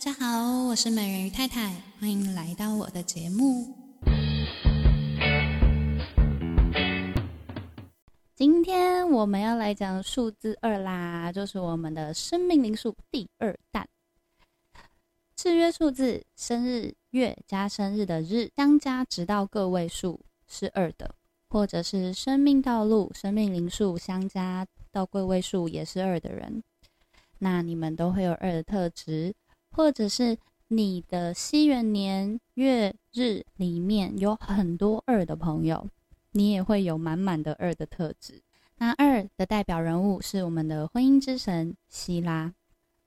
大家好，我是美人魚太太，歡迎來到我的節目。今天我們要來講數字二啦，就是我們的生命靈數第二彈。制月數字生日月加生日的日相加，直到個位數是二的，或者是生命道路、生命靈數相加到個位數也是二的人，那你們都會有二的特質。或者是你的西元年月日裡面有很多二的朋友，你也會有滿滿的二的特質。那二的代表人物是我們的婚姻之神希拉。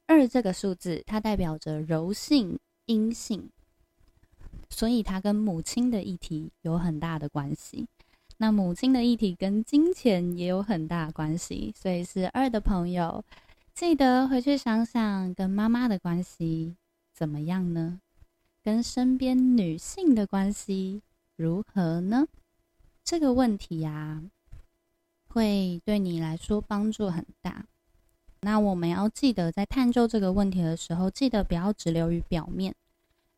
二這個數字，它代表着柔性、陰性，所以它跟母親的議題有很大的關係。那母親的議題跟金錢也有很大關係，所以是二的朋友，記得回去想想，跟媽媽的關係怎麼樣呢？跟身邊女性的關係如何呢？這個問題呀、啊，會對你來說幫助很大。那我們要記得，在探究這個問題的時候，記得不要只流於表面，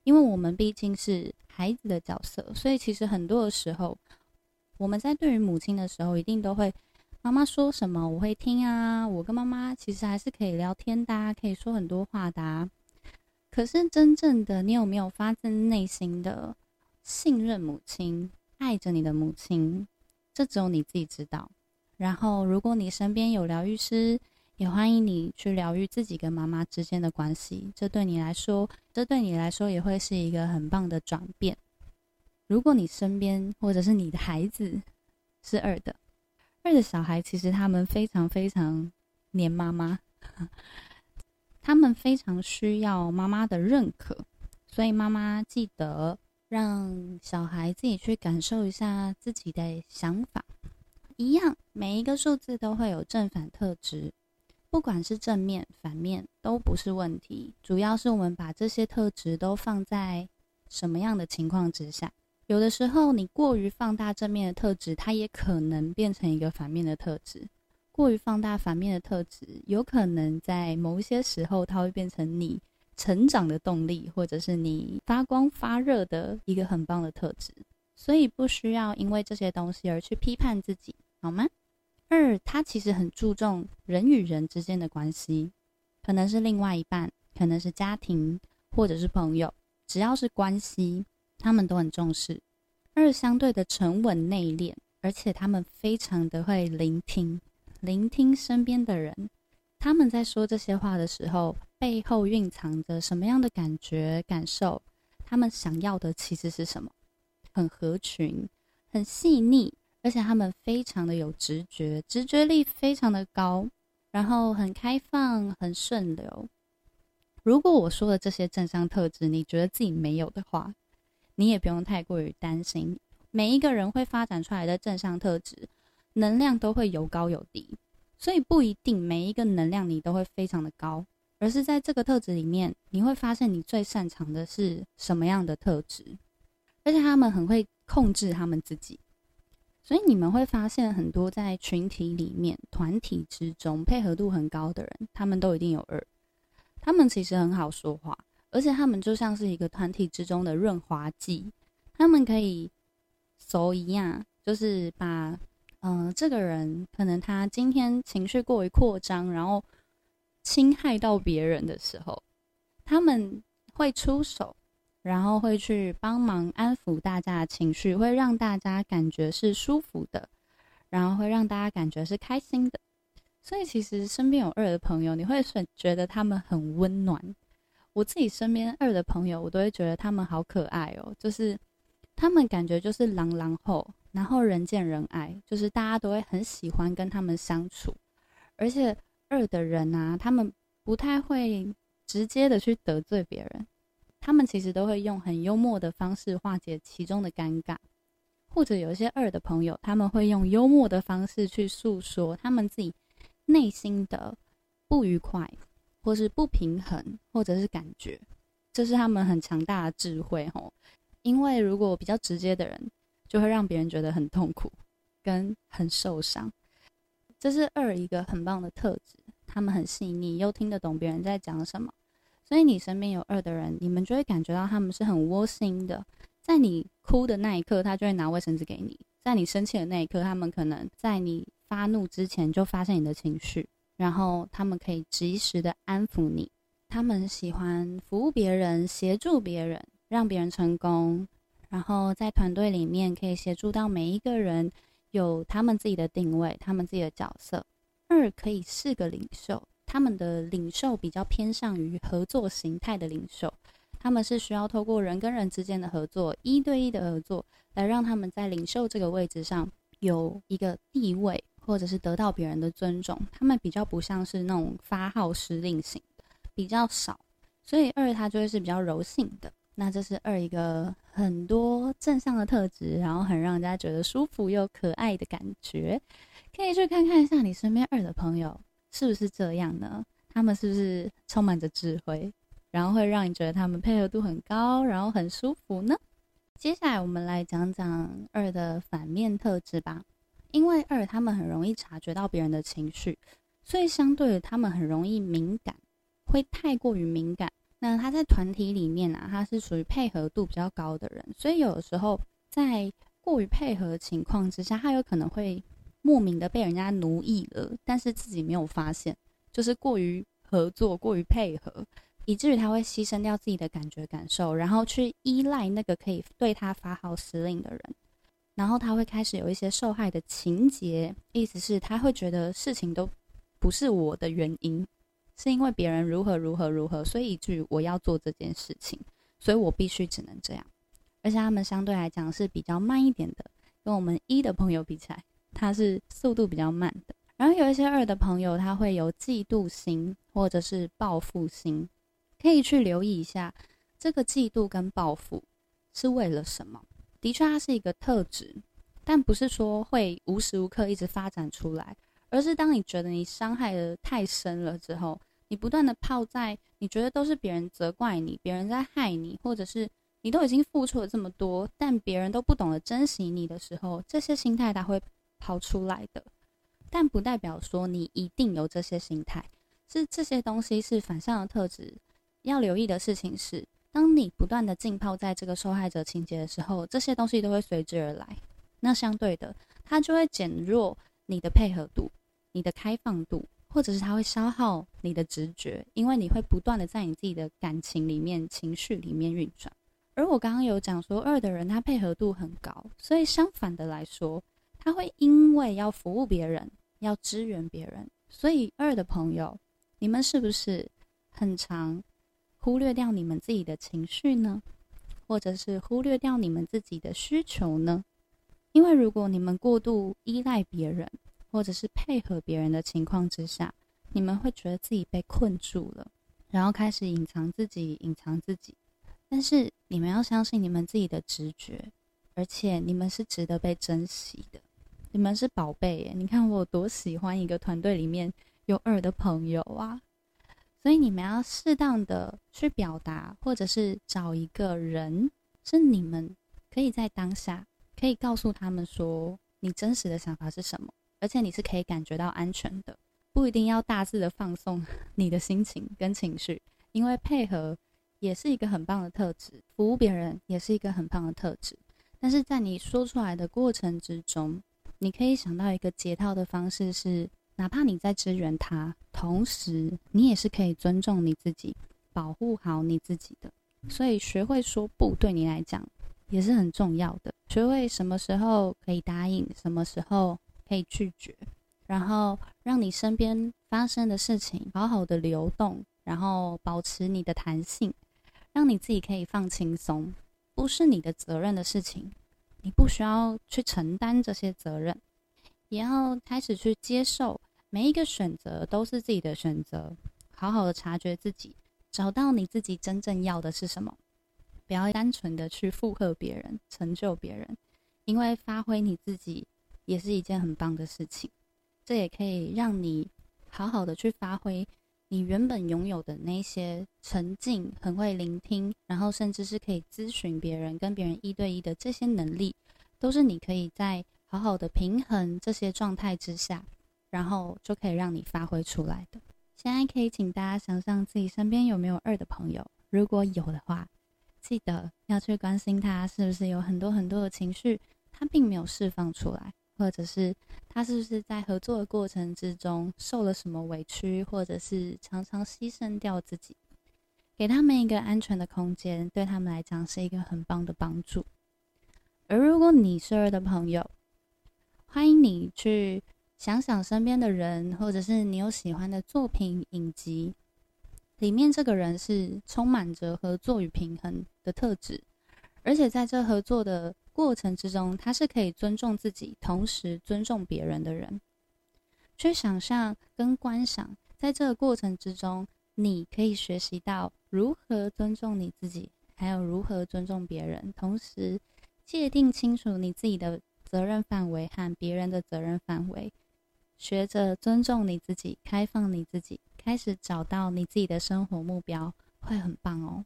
因為我們畢竟是孩子的角色，所以其實很多的時候，我們在對於母親的時候，一定都會。媽媽說什麼我會聽啊，我跟媽媽其實還是可以聊天的啊，可以說很多話的啊。可是真正的你有沒有發自內心的信任母親，愛着你的母親，這只有你自己知道。然後，如果你身邊有療癒師，也歡迎你去療癒自己跟媽媽之間的關係。這對你來說，這對你來說也會是一個很棒的轉變。如果你身邊或者是你的孩子是二的。二的小孩其實他們非常非常黏媽媽，哈哈，他們非常需要媽媽的認可，所以媽媽記得讓小孩自己去感受一下自己的想法。一樣，每一個數字都會有正反特質，不管是正面反面都不是問題，主要是我們把這些特質都放在什麼樣的情況之下。有的時候，你過於放大正面的特質，它也可能變成一個反面的特質；過於放大反面的特質，有可能在某一些時候，它會變成你成長的動力，或者是你發光發熱的一個很棒的特質。所以，不需要因為這些東西而去批判自己，好嗎？二，他其實很注重人與人之間的關係，可能是另外一半，可能是家庭，或者是朋友，只要是關係。他們都很重視，二相對的沉穩內斂，而且他們非常的會聆聽，聆聽身邊的人。他們在說這些話的時候，背後蘊藏着什麼樣的感覺，感受？他們想要的其實是什麼？很合群，很細膩，而且他們非常的有直覺，直覺力非常的高，然後很開放，很順流。如果我說的這些正向特質，你覺得自己沒有的話，你也不用太過於擔心，每一個人會發展出來的正向特質能量都會有高有低，所以不一定每一個能量你都會非常的高，而是在這個特質裡面，你會發現你最擅長的是什麼樣的特質，而且他們很會控制他們自己，所以你們會發現很多在群體裡面、團體之中配合度很高的人，他們都一定有二，他們其實很好說話。而且他們就像是一個團體之中的潤滑劑，他們可以，熟一樣，就是把，嗯、呃，這個人可能他今天情緒過於擴張，然後侵害到別人的時候，他們會出手，然後會去幫忙安撫大家的情緒，會讓大家感覺是舒服的，然後會讓大家感覺是開心的。所以其實身邊有二的朋友，你會選覺得他們很溫暖。我自己身邊二的朋友，我都會覺得他們好可愛哦。就是他們感覺就是狼狼後，然後人見人愛，就是大家都會很喜歡跟他們相處。而且二的人吶、啊，他們不太會直接的去得罪別人，他們其實都會用很幽默的方式化解其中的尷尬。或者有一些二的朋友，他們會用幽默的方式去訴說他們自己內心的不愉快。或是不平衡，或者是感覺，這是他們很強大的智慧吼、哦。因為如果比較直接的人，就會讓別人覺得很痛苦，跟很受傷。這是二一個很棒的特質，他們很細膩，又聽得懂別人在講什麼。所以你身邊有二的人，你們就會感覺到他們是很窩心的。在你哭的那一刻，他就會拿衛生紙給你；在你生氣的那一刻，他們可能在你發怒之前就發現你的情緒。然後他們可以及時的安撫你，他們喜歡服務別人、協助別人，讓別人成功。然後在團隊裡面可以協助到每一個人，有他們自己的定位、他們自己的角色。二可以是個領袖，他們的領袖比較偏向於合作形態的領袖，他們是需要透過人跟人之間的合作、一對一的合作，來讓他們在領袖這個位置上有一個地位。或者是得到別人的尊重，他們比較不像是那種發號施令型的，比較少，所以二他就會是比較柔性的。那這是二一個很多正向的特質，然後很讓人家覺得舒服又可愛的感覺。可以去看看一下你身邊二的朋友是不是這樣呢？他們是不是充滿着智慧，然後會讓你覺得他們配合度很高，然後很舒服呢？接下來我們來講講二的反面特質吧。因為二他們很容易察覺到別人的情緒，所以相對於他們很容易敏感，會太過於敏感。那他在團體裡面啊，他是屬於配合度比較高的人，所以有的時候在過於配合的情況之下，他有可能會莫名的被人家奴役了，但是自己沒有發現，就是過於合作、過於配合，以至於他會犧牲掉自己的感覺、感受，然後去依賴那個可以對他發號施令的人。然後他會開始有一些受害的情節，意思是他會覺得事情都不是我的原因，是因為別人如何如何如何，所以一句我要做這件事情，所以我必須只能這樣。而且他們相對來講是比較慢一點的，跟我們一的朋友比起來，他是速度比較慢的。然後有一些二的朋友，他會有嫉妒心或者是報復心，可以去留意一下這個嫉妒跟報復是為了什麼。的確，它是一個特質，但不是說會無時無刻一直發展出來，而是當你覺得你傷害的太深了之後，你不斷的泡在你覺得都是別人責怪你，別人在害你，或者是你都已經付出了這麼多，但別人都不懂得珍惜你的時候，這些心態它會跑出來的，但不代表說你一定有這些心態，是這些東西是反向的特質，要留意的事情是。當你不斷的浸泡在這個受害者情節的時候，這些東西都會隨之而來。那相對的，它就會減弱你的配合度、你的開放度，或者是它會消耗你的直覺，因為你會不斷的在你自己的感情裡面、情緒裡面運轉。而我剛剛有講說，二的人他配合度很高，所以相反的來說，他會因為要服務別人、要支援別人，所以二的朋友，你們是不是很常忽略掉你們自己的情緒呢，或者是忽略掉你們自己的需求呢？因為如果你們過度依賴別人，或者是配合別人的情況之下，你們會覺得自己被困住了，然後開始隱藏自己，隱藏自己。但是你們要相信你們自己的直覺，而且你們是值得被珍惜的，你們是寶貝耶！你看我多喜歡一個團隊裡面有二的朋友啊！所以你們要適當的去表達，或者是找一個人，是你們可以在當下可以告訴他們說你真實的想法是什麼，而且你是可以感覺到安全的，不一定要大肆的放送你的心情跟情緒，因為配合也是一個很棒的特質，服務別人也是一個很棒的特質，但是在你說出來的過程之中，你可以想到一個解套的方式是。哪怕你在支援他，同時你也是可以尊重你自己，保護好你自己的。所以學會說不，對你來講也是很重要的。學會什麼時候可以答應，什麼時候可以拒絕，然後讓你身邊發生的事情好好的流動，然後保持你的彈性，讓你自己可以放輕鬆。不是你的責任的事情，你不需要去承擔這些責任。也要開始去接受每一個選擇都是自己的選擇，好好的察覺自己，找到你自己真正要的是什麼。不要單純的去附和別人，成就別人，因為發揮你自己也是一件很棒的事情。這也可以讓你好好的去發揮你原本擁有的那些沉靜、很會聆聽，然後甚至是可以諮詢別人、跟別人一對一的這些能力，都是你可以在。好好的平衡這些狀態之下，然後就可以讓你發揮出來的。現在可以請大家想象自己身邊有沒有二的朋友，如果有的話，記得要去關心他是不是有很多很多的情緒，他並沒有釋放出來，或者是他是不是在合作的過程之中受了什麼委屈，或者是常常犧牲掉自己，給他們一個安全的空間，對他們來講是一個很棒的幫助。而如果你是二的朋友，歡迎你去想想身邊的人，或者是你有喜歡的作品影集，裡面這個人是充滿着合作與平衡的特質，而且在這合作的過程之中，他是可以尊重自己，同時尊重別人的人。去想象跟觀賞，在這個過程之中，你可以學習到如何尊重你自己，還有如何尊重別人，同時界定清楚你自己的責任範圍和別人的責任範圍，學着尊重你自己，開放你自己，開始找到你自己的生活目標，會很棒哦。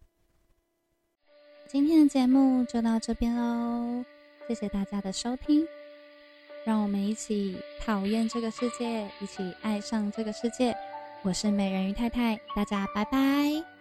今天的節目就到這邊嘍，謝謝大家的收聽。讓我們一起討厭這個世界，一起愛上這個世界。我是美人魚太太，大家拜拜。